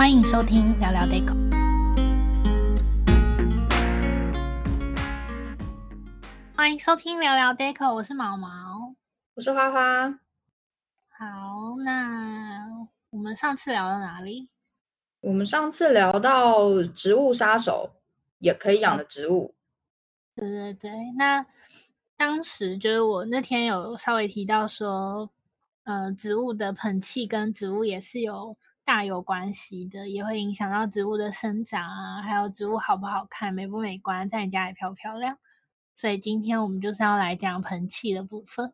歡迎收聽聊聊 Deco。歡迎收聽聊聊 Deco，我是毛毛，我是花花。好，那我們上次聊到哪裡？我們上次聊到植物殺手也可以養的植物。對對對，那當時就是我那天有稍微提到說，呃，植物的盆器跟植物也是有。大有關係的，也會影響到植物的生長啊，還有植物好不好看、美不美觀，在你家裡漂不漂亮。所以今天我們就是要來講盆器的部分。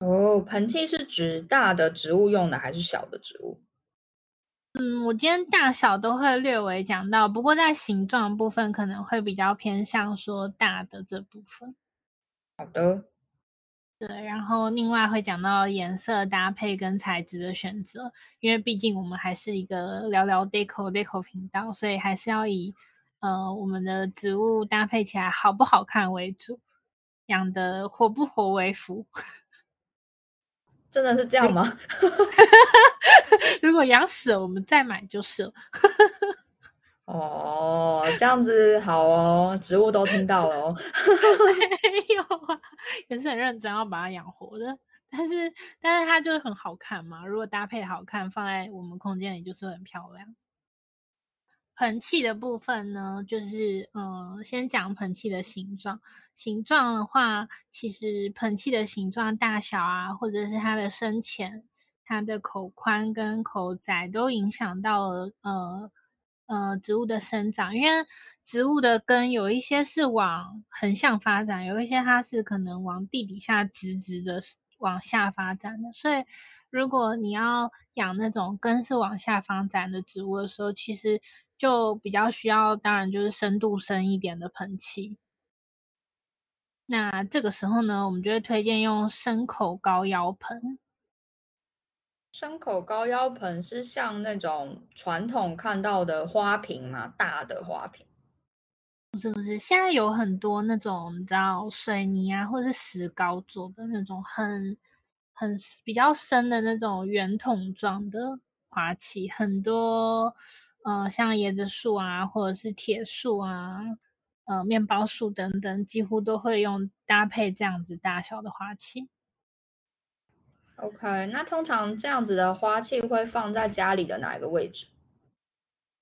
哦，盆器是指大的植物用的，還是小的植物？嗯，我今天大小都會略微講到，不過在形狀部分可能會比較偏向說大的這部分。好的。對，然後另外會講到顏色搭配跟材質的選擇，因為畢竟我們還是一個聊聊 Deco Deco 頻道，所以還是要以呃我們的植物搭配起來好不好看為主，養的活不活為輔。真的是這樣嗎？如果養死了，我們再買就是了。哦，這樣子好哦， 植物都聽到了哦。 沒有啊，也是很認真要把它養活的。但是，但是它就是很好看嘛。如果搭配好看，放在我們空間裡就是很漂亮。 盆器的部分呢，就是呃，先講盆器的形狀。形狀的話，其實盆器的形狀、大小啊，或者是它的深淺、它的口寬跟口窄，都影響到了呃。呃，植物的生長，因為植物的根有一些是往橫向發展，有一些它是可能往地底下直直的往下發展的。所以，如果你要養那種根是往下發展的植物的時候，其實就比較需要，當然就是深度深一點的盆器。那這個時候呢，我們就會推薦用深口高腰盆。深口高腰盆是像那種傳統看到的花瓶嗎？大的花瓶？不是不是，現在有很多那種你知道水泥啊，或者是石膏做的那種很很比較深的那種圓筒狀的花器，很多呃像椰子樹啊，或者是鐵樹啊，呃麵包樹等等，幾乎都會用搭配這樣子大小的花器。OK，那通常這樣子的花器會放在家裡的哪一個位置？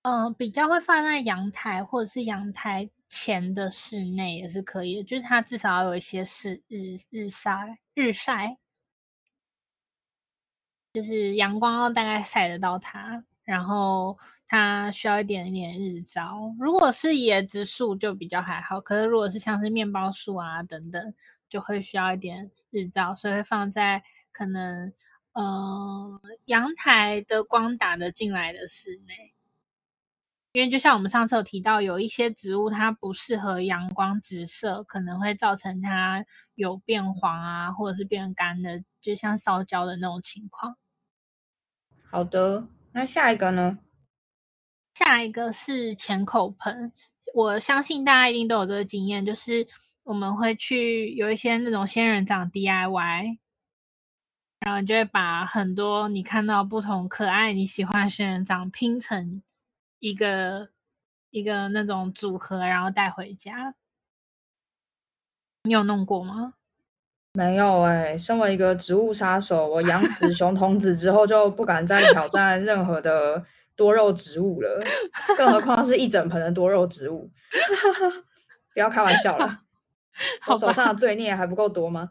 嗯，比較會放在陽台或者是陽台前的室內也是可以的，就是它至少要有一些日日日曬日曬，就是陽光大概曬得到它，然後它需要一點一點日照。如果是椰子樹就比較還好，可是如果是像是麵包樹啊等等，就會需要一點日照，所以會放在。可能，呃，陽台的光打得進來的室內，因為就像我們上次有提到，有一些植物它不適合陽光直射，可能會造成它有變黃啊，或者是變乾的，就像燒焦的那種情況。好的，那下一個呢？下一個是淺口盆，我相信大家一定都有這個經驗，就是我們會去有一些那種仙人掌 DIY。然後你就會把很多你看到不同可愛你喜歡的仙人掌拼成一個一個那種組合，然後帶回家。你有弄過嗎？沒有哎、欸，身為一個植物殺手，我養死熊童子之後就不敢再挑戰任何的多肉植物了， 更何況是一整盆的多肉植物。 不要開玩笑了， 我手上的罪孽還不夠多嗎？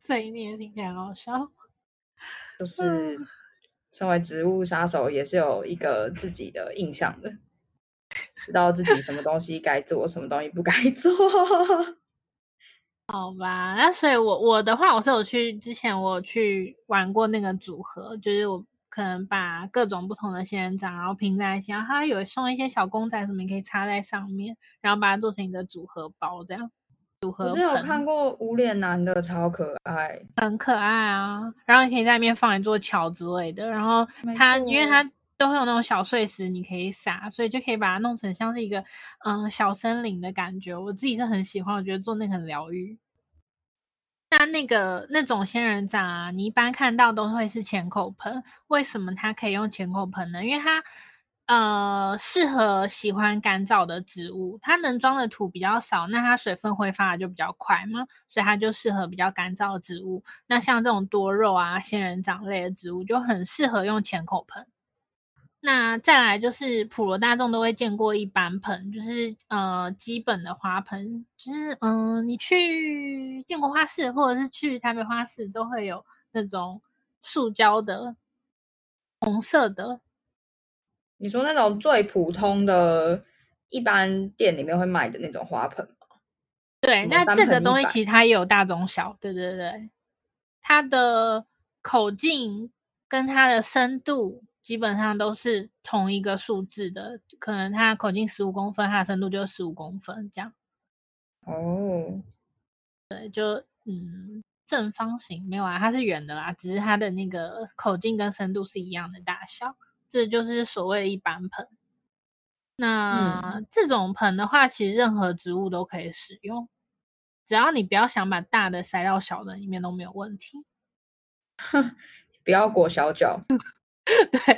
所以你也聽起來很好笑，就是成為植物殺手也是有一個自己的印象的，知道自己什麼東西該做， 什麼東西不該做。好吧，那所以我，我我的話，我是有去之前我有去玩過那個組合，就是我可能把各種不同的仙人掌然後拼在一起，然後，然後他有送一些小公仔什麼你可以插在上面，然後把它做成一個組合包這樣。我是有看過無臉男的，超可愛，很可愛啊！然後你可以在裡面放一座橋之類的，然後它因為它都會有那種小碎石，你可以撒，所以就可以把它弄成像是一個嗯小森林的感覺。我自己是很喜歡，我覺得做那個很療癒。那那個那種仙人掌啊，你一般看到都會是淺口盆，為什麼它可以用淺口盆呢？因為它。呃，適合喜歡乾燥的植物，它能裝的土比較少，那它水分揮發的就比較快嘛，所以它就適合比較乾燥的植物。那像這種多肉啊、仙人掌類的植物就很適合用淺口盆。那再來就是普羅大眾都會見過一般盆，就是呃基本的花盆，就是嗯、呃，你去建國花市或者是去台北花市都會有那種塑膠的、紅色的。你說那種最普通的、一般店裡面會賣的那種花盆嗎？對，那這個東西其實它也有大中小，對對對，它的口徑跟它的深度基本上都是同一個數字的，可能它的口徑十五公分，它的深度就十五公分這樣。哦，對，就嗯，正方形沒有啊，它是圓的啦，只是它的那個口徑跟深度是一樣的大小。這就是所謂的一般盆。那、嗯、這種盆的話，其實任何植物都可以使用，只要你不要想把大的塞到小的裡面都沒有問題。哼，不要裹小腳。 對，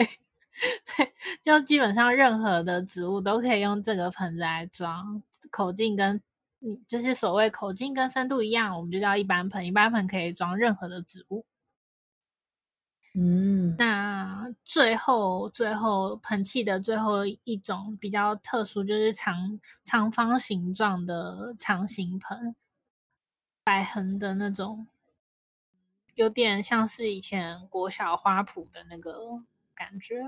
對，就基本上任何的植物都可以用這個盆子來裝，口徑跟你就是所謂口徑跟深度一樣，我們就叫一般盆。一般盆可以裝任何的植物。嗯，那最後最後盆器的最後一種比較特殊，就是長長方形狀的長形盆，擺橫的那種，有點像是以前國小花圃的那個感覺。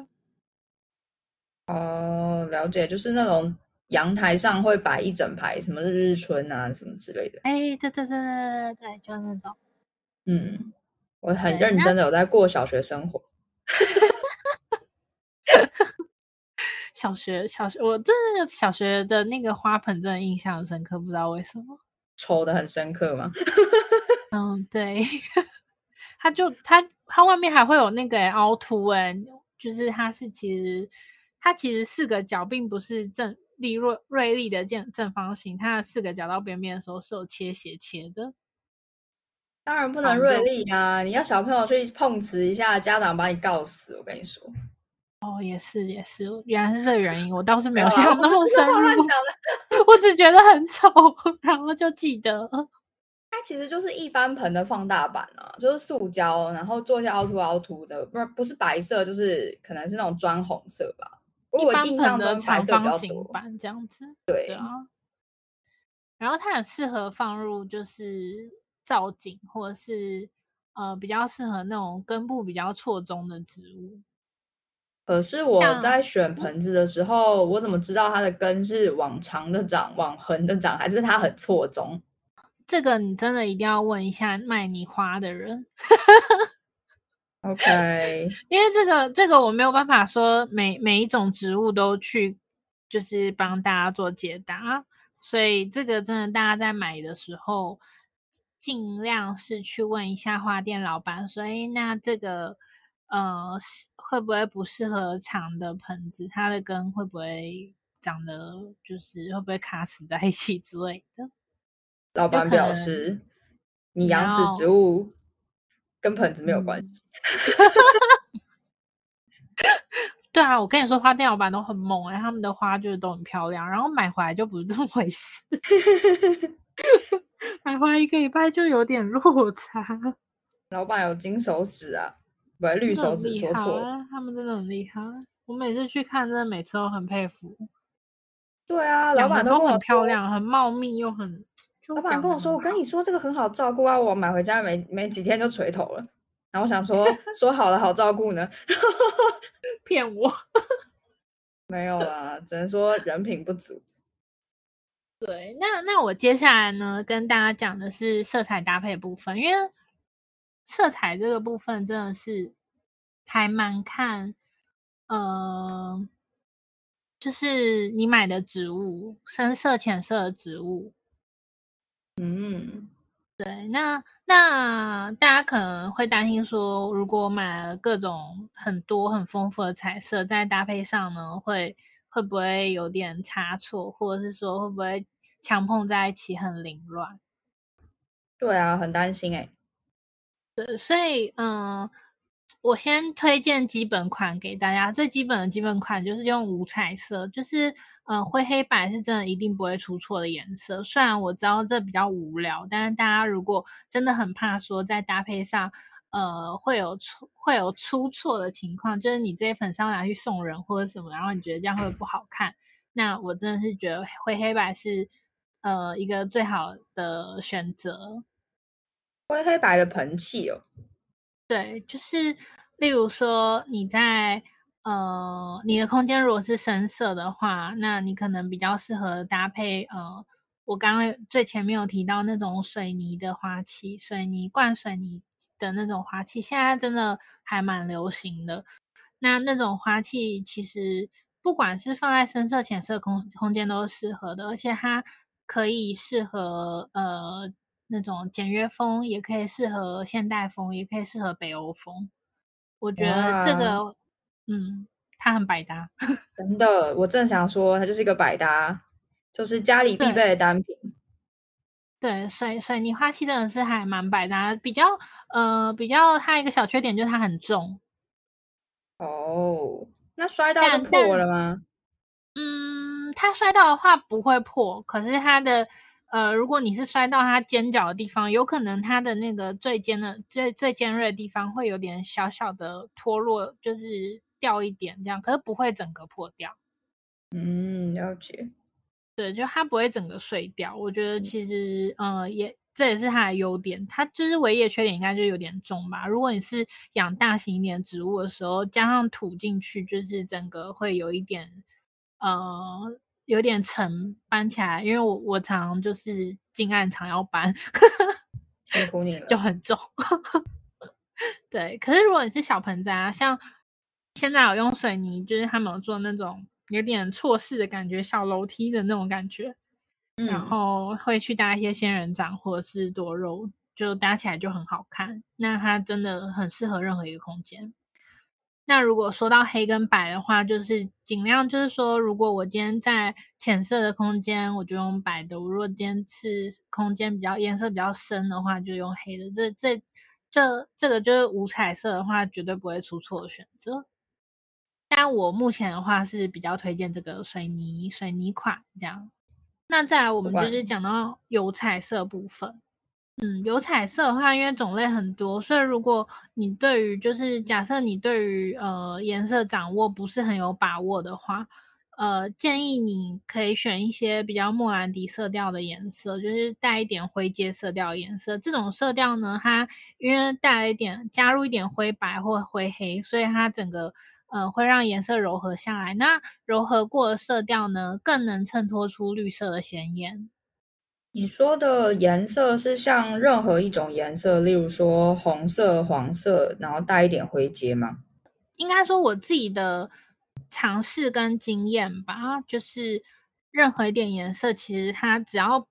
哦、呃，了解，就是那種陽台上會擺一整排什麼日日春啊什麼之類的。哎、欸，對對對對對對，就是那種，嗯。我很認真的，有在過小學生活。 小學小學，我對那個小學的那個花盆真的印象深刻，不知道為什麼。抽的很深刻嗎？嗯，對。它 就它它外面還會有那個、欸、凹凸哎、欸，就是它是其實它其實四個角並不是正利銳銳利的正正方形，它的四個角到邊邊的時候是有切斜切的。當然不能銳利啊，嗯！你要小朋友去碰瓷一下，嗯，家長把你告死。我跟你說，哦，也是也是，原來是這個原因。我當時沒有想到那麼深入，哦，我，麼 我只覺得很醜，然後就記得。它其實就是一般盆的放大版啊，就是塑膠，然後做一些凹凸凹凸的，不是不是白色，就是可能是那種磚紅色吧。我印象中白色比較多，一般盆的長方形版，這樣子對，對，啊。然後它很適合放入，就是。造景，或是呃，比較適合那種根部比較錯綜的植物。可是我在選盆子的時候，我怎麼知道它的根是往長的長，往橫的長，還是它很錯綜？這個你真的一定要問一下賣你花的人。 OK，因為這個這個我沒有辦法說每每一種植物都去，就是幫大家做解答，所以這個真的大家在買的時候。盡量是去問一下花店老板，所以那這個呃，會不會不適合長的盆子？它的根會不會長得，就是會不會卡死在一起之類的？老板表示：“你養死植物跟盆子沒有關係。嗯” 對啊，我跟你說，花店老板都很猛欸，他們的花就是都很漂亮，然後買回來就不是這麼回事。 買花一個禮拜就有點落差。老闆有金手指啊，不，綠手指說錯了，啊。他們真的很厲害。我每次去看，真的每次都很佩服。對啊，老闆都很漂亮，很茂密又很。老闆跟我說：“我跟你說這個很好照顧啊。”我買回家沒沒幾天就垂頭了。然後我想說：“說好了好照顧呢？”騙 我？沒有啦，只能說人品不足。對，那那我接下來呢，跟大家講的是色彩搭配部分，因為色彩這個部分真的是還蠻看，呃，就是你買的植物，深色、淺色的植物。嗯，對，那那大家可能會擔心說，如果買了各種很多很豐富的彩色，在搭配上呢，會。會不會有點差錯，或者是說會不會強碰在一起很凌亂？對啊，很擔心哎、欸。對，所以嗯，我先推薦基本款給大家。最基本的基本款就是用五彩色，就是呃、嗯、灰黑白是真的一定不會出錯的顏色。雖然我知道這比較無聊，但是大家如果真的很怕說在搭配上。呃，會有出會有出錯的情況，就是你這些粉商，拿去送人或者什麼，然後你覺得這樣會不好看。那我真的是覺得灰黑白是呃一個最好的選擇。灰黑白的盆器哦，對，就是例如說你在呃你的空間如果是深色的話，那你可能比較適合搭配呃我剛剛最前面有提到那種水泥的花器，水泥灌水泥，的那種花器，現在真的還蠻流行的。那那種花器其實不管是放在深色、淺色空空間都是適合的，而且它可以適合呃那種簡約風，也可以適合現代風，也可以適合北歐風。我覺得這個，嗯，它很百搭。真的，我正想說，它就是一個百搭，就是家裡必備的單品。對，所以，所以你花器真的是還蠻百搭、啊，比較呃比較它一個小缺點就是它很重。哦、oh,，那摔到破了嗎？嗯，它摔到的話不會破，可是它的呃，如果你是摔到它尖角的地方，有可能它的那個最尖的最最尖銳的地方會有點小小的脫落，就是掉一點這樣，可是不會整個破掉。嗯，了解。對，就它不會整個碎掉。我覺得其實，嗯，呃、也這也是它的優點。它就是唯一的缺點，應該就有點重吧。如果你是養大型一點植物的時候，加上土進去，就是整個會有一點，嗯、呃，有點沉，搬起來。因為我我常常就是近岸常要搬， 就很重。 對，可是如果你是小盆栽啊，像現在我用水泥，就是他們有做那種。有點錯視的感覺，小樓梯的那種感覺、嗯，然後會去搭一些仙人掌或者是多肉，就搭起來就很好看。那它真的很適合任何一個空間。那如果說到黑跟白的話，就是儘量就是說，如果我今天在淺色的空間，我就用白的；我如果今天是空間比較顏色比較深的話，就用黑的。這這這這個就是無彩色的話，絕對不會出錯的選擇。但我目前的話是比較推薦這個水泥水泥款這樣。那再來，我們就是講到油彩色部分。嗯，油彩色的話，因為種類很多，所以如果你對於就是假設你對於呃顏色掌握不是很有把握的話，呃，建議你可以選一些比較莫蘭迪色調的顏色，就是帶一點灰階色調顏色。這種色調呢，它因為帶了一點加入一點灰白或灰黑，所以它整個。嗯、呃，會讓顏色柔和下來。那柔和過的色調呢，更能襯托出綠色的鮮豔。你說的顏色是像任何一種顏色，例如說紅色、黃色，然後帶一點灰階嗎？應該說我自己的嘗試跟經驗吧，就是任何一點顏色，其實它只要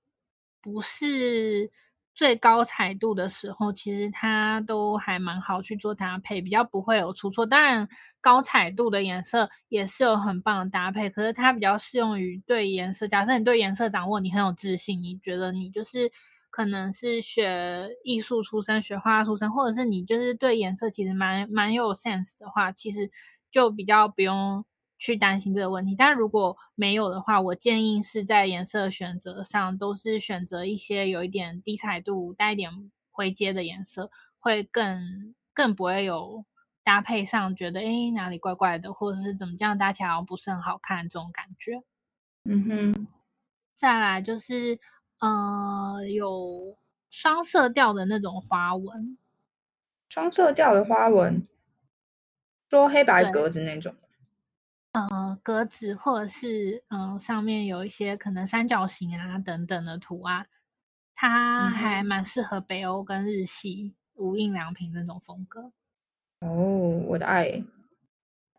不是。最高彩度的時候，其實它都還蠻好去做搭配，比較不會有出錯。當然，高彩度的顏色也是有很棒的搭配，可是它比較適用於對顏色，假設你對顏色掌握你很有自信，你覺得你就是可能是學藝術出身，學畫出身，或者是你就是對顏色其實蠻蠻有 sense 的話，其實就比較不用去擔心這個問題，但如果沒有的話，我建議是在顏色選擇上，都是選擇一些有一點低彩度，帶一點灰階的顏色，會更更不會有搭配上覺得誒，哪裡怪怪的，或者是怎麼這樣搭起來好像不是很好看這種感覺。嗯哼，嗯再來就是呃有雙色調的那種花紋，雙色調的花紋，說黑白格子那種。嗯，格子或者是嗯，上面有一些可能三角形啊等等的圖啊，它還蠻適合北歐跟日系無印良品那種風格。哦，我的愛。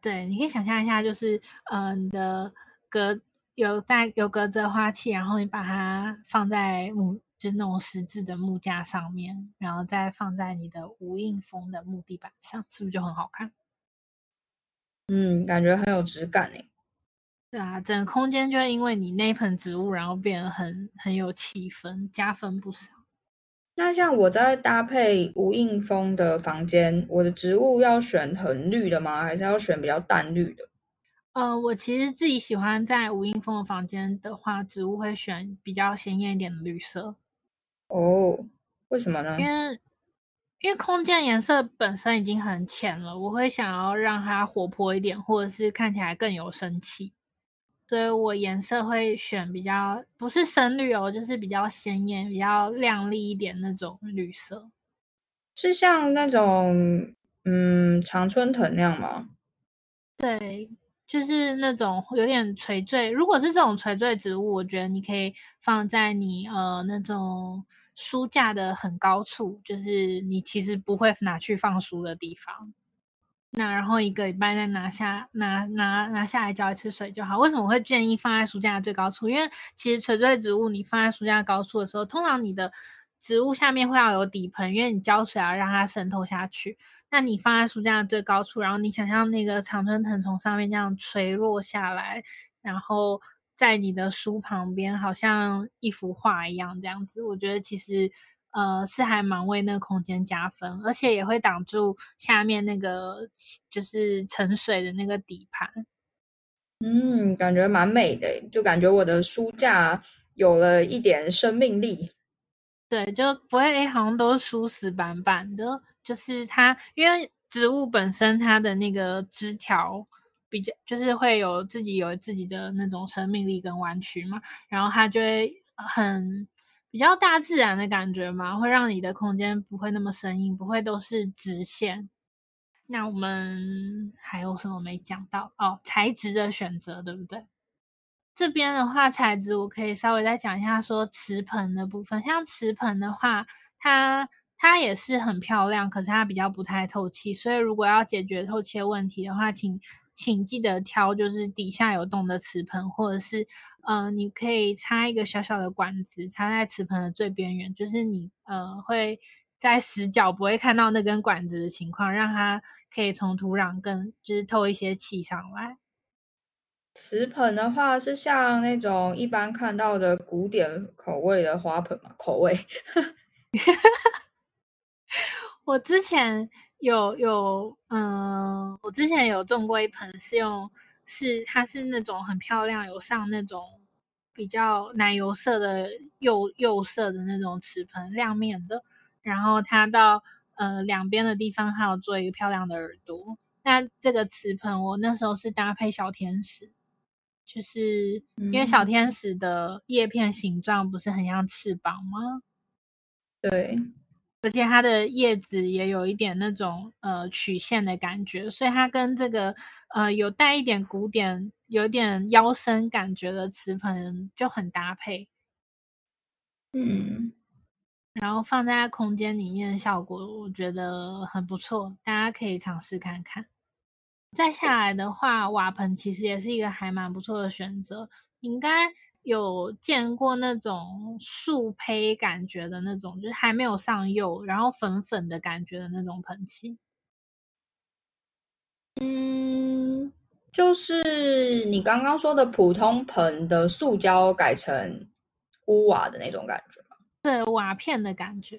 對，你可以想象一下，就是嗯、呃，你的格，有帶有格子的花器，然後你把它放在木、嗯，就是那種十字的木架上面，然後再放在你的無印風的木地板上，是不是就很好看？嗯，感覺很有質感欸。對啊，整個空間就會因為你那一盆植物，然後變得很很有氣氛，加分不少。那像我在搭配無印風的房間，我的植物要選很綠的嗎？還是要選比較淡綠的？呃，我其實自己喜歡在無印風的房間的話，植物會選比較鮮豔一點的綠色。哦，為什麼呢？因為因為空間顏色本身已經很淺了，我會想要讓它活潑一點，或者是看起來更有生氣，所以我顏色會選比較不是深綠哦，就是比較鮮豔、比較亮麗一點那種綠色，是像那種嗯常春藤那樣嗎？對，就是那種有點垂墜。如果是這種垂墜植物，我覺得你可以放在你呃那種。書架的很高處，就是你其實不會拿去放書的地方。那然後一個禮拜再拿下拿拿拿下來澆一次水就好。為什麼我會建議放在書架最高處？因為其實垂墜植物你放在書架高處的時候，通常你的植物下面會要有底盆，因為你澆水而讓它滲透下去。那你放在書架最高處，然後你想象那個常春藤從上面這樣垂落下來，然後。在你的書旁邊，好像一幅畫一樣，這樣子，我覺得其實，呃，是還蠻為那個空間加分，而且也會擋住下面那個就是盛水的那個底盤。嗯，感覺蠻美的，就感覺我的書架有了一點生命力。對，就不會、欸、好像都是書死板板的，就是它，因為植物本身它的那個枝條。比較就是會有自己有自己的那種生命力跟彎曲嘛，然後它就會很比較大自然的感覺嘛，會讓你的空間不會那麼生硬，不會都是直線。那我們還有什麼沒講到哦？材質的選擇對不對？這邊的話，材質我可以稍微再講一下，說瓷盆的部分，像瓷盆的話，它它也是很漂亮，可是它比較不太透氣，所以如果要解決透氣的問題的話，請。請記得挑，就是底下有洞的瓷盆，或者是，嗯、呃，你可以插一個小小的管子，插在瓷盆的最邊緣，就是你呃會在死角不會看到那根管子的情況，讓它可以從土壤更就是透一些氣上來。瓷盆的話是像那種一般看到的古典口味的花盆嘛？口味， 我之前。有有，嗯，我之前有種過一盆是用，是用是它是那種很漂亮，有上那種比較奶油色的釉釉色的那種瓷盆，亮面的。然後它到呃兩邊的地方，它有做一個漂亮的耳朵。那這個瓷盆，我那時候是搭配小天使，就是、嗯、因為小天使的葉片形狀不是很像翅膀嗎？對。而且它的葉子也有一點那種呃曲線的感覺，所以它跟這個呃有帶一點古典、有點腰身感覺的瓷盆就很搭配。嗯，然後放在空間裡面效果我覺得很不錯，大家可以嘗試看看。再下來的話，瓦盆其實也是一個還蠻不錯的選擇，應該。有見過那種素胚感覺的那種，就是還沒有上釉，然後粉粉的感覺的那種盆器。嗯，就是你剛剛說的普通盆的塑膠改成屋瓦的那種感覺。對，瓦片的感覺。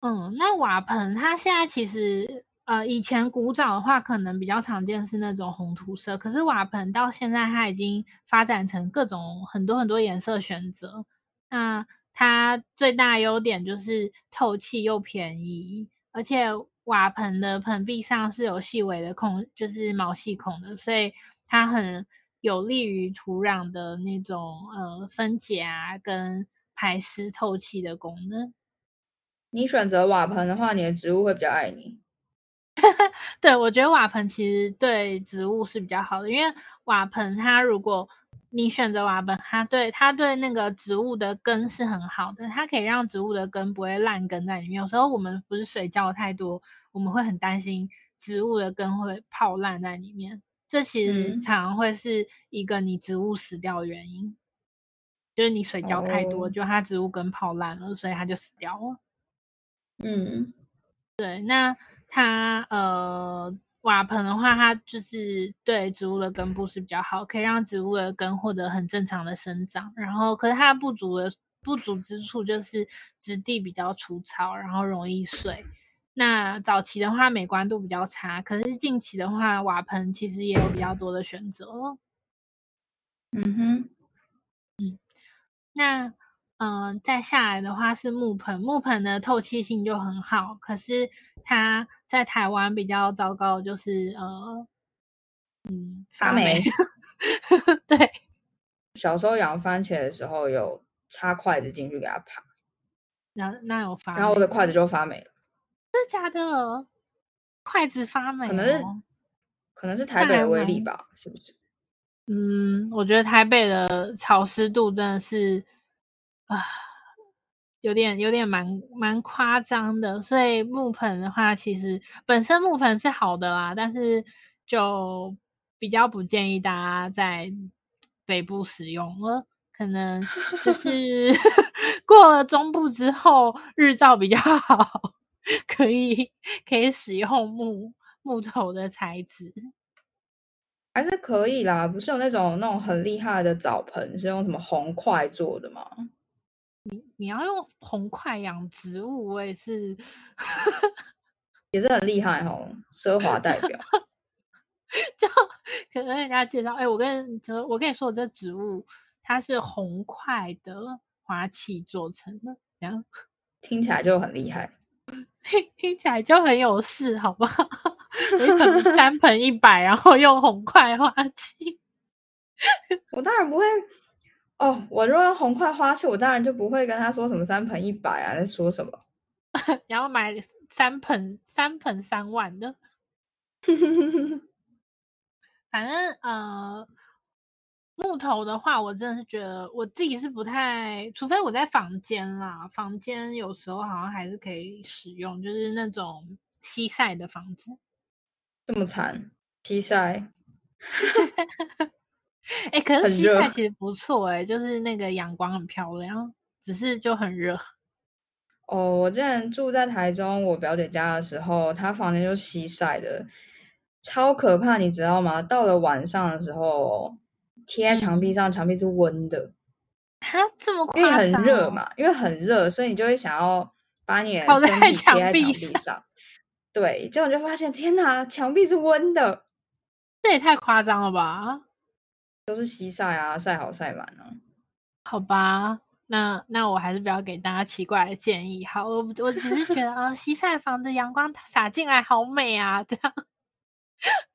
嗯，那瓦盆它現在其實。呃，以前古早的話，可能比較常見是那種紅土色，可是瓦盆到現在它已經發展成各種很多很多顏色選擇。那它最大優點就是透氣又便宜，而且瓦盆的盆壁上是有細微的孔，就是毛細孔的，所以它很有利於土壤的那種呃分解啊，跟排濕透氣的功能。你選擇瓦盆的話，你的植物會比較愛你。 對，我覺得瓦盆其實對植物是比較好的，因為瓦盆它，如果你選擇瓦盆，它對它對那個植物的根是很好的，它可以讓植物的根不會爛根在裡面。有時候我們不是水澆太多，我們會很擔心植物的根會泡爛在裡面，這其實常常會是一個你植物死掉的原因，嗯、就是你水澆太多、哦，就它植物根泡爛了，所以它就死掉了。嗯，對，那。它呃，瓦盆的話，它就是對植物的根部是比較好，可以讓植物的根獲得很正常的生長。然後，可是它的不足的不足之處就是質地比較粗糙，然後容易碎。那早期的話，美觀度比較差。可是近期的話，瓦盆其實也有比較多的選擇囉。嗯哼，嗯，那。嗯，再下來的話是木盆，木盆的透氣性就很好，可是它在台灣比較糟糕，就是呃，嗯，發霉。發霉 對，小時候養番茄的時候，有插筷子進去給它爬，那那有發霉，然後我的筷子就發霉了，真的假的？筷子發霉哦？可能是，可能是台北的威力吧，是不是？嗯，我覺得台北的潮濕度真的是。啊，有點有點蠻蠻誇張的。所以木盆的話，其實本身木盆是好的啦，但是就比較不建議大家在北部使用了。可能就是 過了中部之後，日照比較好，可以可以使用木木頭的材質，還是可以啦。不是有那種那種很厲害的澡盆是用什麼紅檜做的嗎？你你要用紅塊養植物，我也是， 也是很厲害哦，奢華代表。 就可能人家介紹，哎、欸，我跟，我跟你說，我這這植物它是紅塊的花器做成的，這樣聽起來就很厲害 聽，聽起來就很有事好不好？一盆 三盆一百，然後用紅塊花器， 我當然不會。哦、oh,，我如果用紅塊花去，我當然就不會跟他說什麼三盆一百啊，在說什麼， 然後買三盆三盆三萬的。 反正呃，木頭的話，我真的是覺得我自己是不太，除非我在房間啦，房間有時候好像還是可以使用，就是那種西曬的房子，這麼慘西曬。 哎、欸，可是西曬其實不錯哎、欸，就是那個陽光很漂亮，只是就很熱。哦，我之前住在台中我表姐家的時候，她房間就是西曬的，超可怕，你知道嗎？到了晚上的時候，貼在牆壁上，牆壁是溫的。哈、嗯啊，這麼誇張？因為很熱嘛，因為很熱，所以你就會想要把你的身體貼在牆壁上。對，這樣就發現，天哪，牆壁是溫的，這也太誇張了吧！都是西曬啊，曬好曬滿呢。好吧，那那我還是不要給大家奇怪的建議。好，我我只是覺得啊， 西曬房子陽光灑進來好美啊，這樣。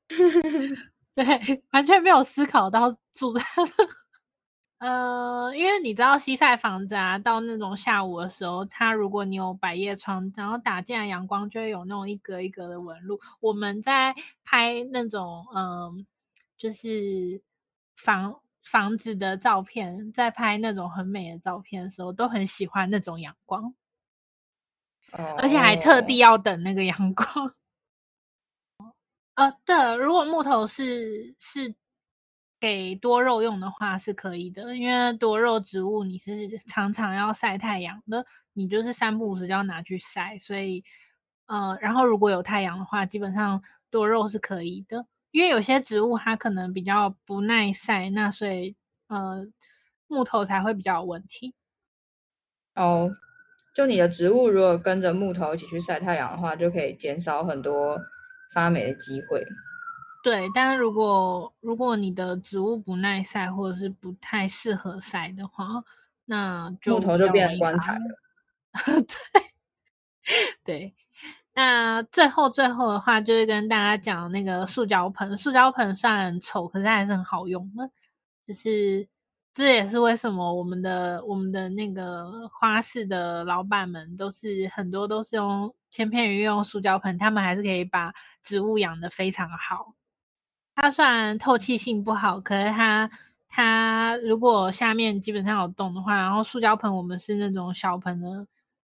對，完全沒有思考到住的。嗯、 呃、因為你知道西曬房子啊，到那種下午的時候，它如果你有百葉窗，然後打進來陽光，就會有那種一格一格的紋路。我們在拍那種，嗯、呃，就是。房房子的照片，在拍那種很美的照片的時候，都很喜歡那種陽光，啊、而且還特地要等那個陽光。呃、嗯 啊，對了，如果木頭是是給多肉用的話，是可以的，因為多肉植物你是常常要曬太陽的，你就是三不五時就要拿去曬，所以，呃，然後如果有太陽的話，基本上多肉是可以的。因為有些植物它可能比較不耐曬，那所以呃木頭才會比較有問題。哦、oh，就你的植物如果跟着木頭一起去曬太陽的話，就可以減少很多發霉的機會。對，但是如果如果你的植物不耐曬，或者是不太適合曬的話，那就木頭就變成棺材了。 對， 對。那最後最後的話，就是跟大家講那個塑膠盆。塑膠盆雖然醜，可是它還是很好用的。就是這也是為什麼我們的我們的那個花市的老闆們，都是很多都是用千篇一律用塑膠盆，他們還是可以把植物養的非常好。它雖然透氣性不好，可是它它如果下面基本上有洞的話，然後塑膠盆我們是那種小盆的，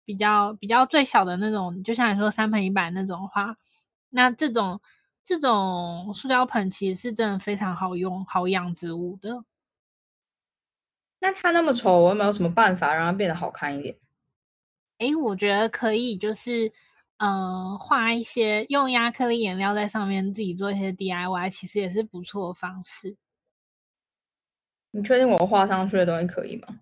比較比較最小的那種，就像你說三盆一百那種花，那這種這種塑膠盆其實是真的非常好用、好養植物的。那它那麼醜，我有沒有什麼辦法讓它變得好看一點？誒、欸，我覺得可以，就是嗯、畫、呃、一些用壓克力顏料在上面自己做一些 DIY，其實也是不錯的方式。你確定我畫上去的東西可以嗎？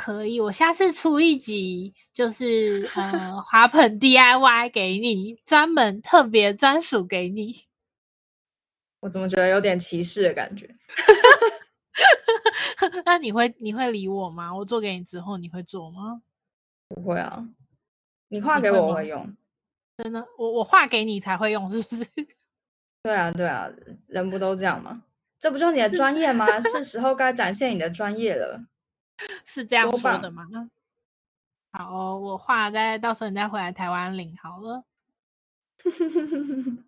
可以，我下次出一集就是呃，花盆 DIY 給你， 專門特別專屬給你。我怎麼覺得有點歧視的感覺？ 那你會你會理我嗎？我做給你之後，你會做嗎？不會啊，你畫給我，我會用。會真的，我我畫給你才會用，是不是？對啊對啊，人不都這樣嗎？這不就是你的專業嗎？ 是時候該展現你的專業了。是這樣說的嗎？好、哦，我畫在到時候你再回來台灣領好了。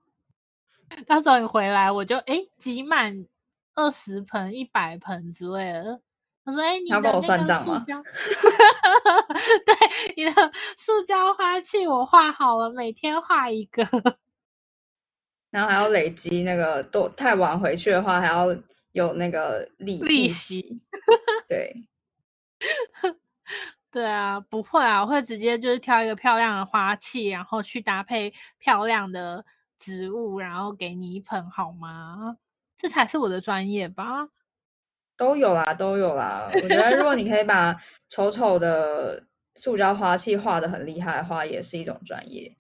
到時候你回來我就哎、欸、集滿二十盆、一百盆之類的。他說：“哎、欸，你要跟我算賬嗎？” 對，你的塑膠花器我畫好了，每天畫一個，然後還要累積那個。都太晚回去的話，還要有那個利息利息。 對。 對啊，不會啊，我會直接就是挑一個漂亮的花器，然後去搭配漂亮的植物，然後給你一盆好嗎？這才是我的專業吧。都有啦，都有啦。 我覺得如果你可以把醜醜的塑膠花器畫的很厲害的話，也是一種專業。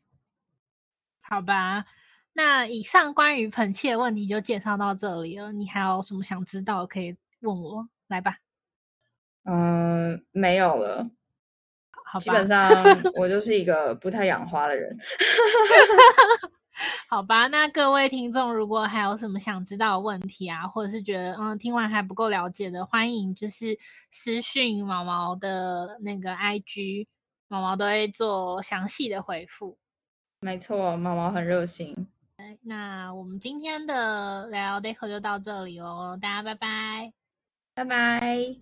好吧，那以上關於盆器的問題就介紹到這裡了。你還有什麼想知道的可以問我，來吧。嗯，沒有了。好，基本上我就是一個不太養花的人。 好吧，那各位聽眾如果還有什麼想知道的問題啊，或者是覺得嗯聽完還不夠了解的，歡迎就是私訊毛毛的那個 IG，毛毛都會做詳細的回復。沒錯，毛毛很熱心。那我們今天的聊聊的 i 就到這裡哦，大家拜拜，拜拜。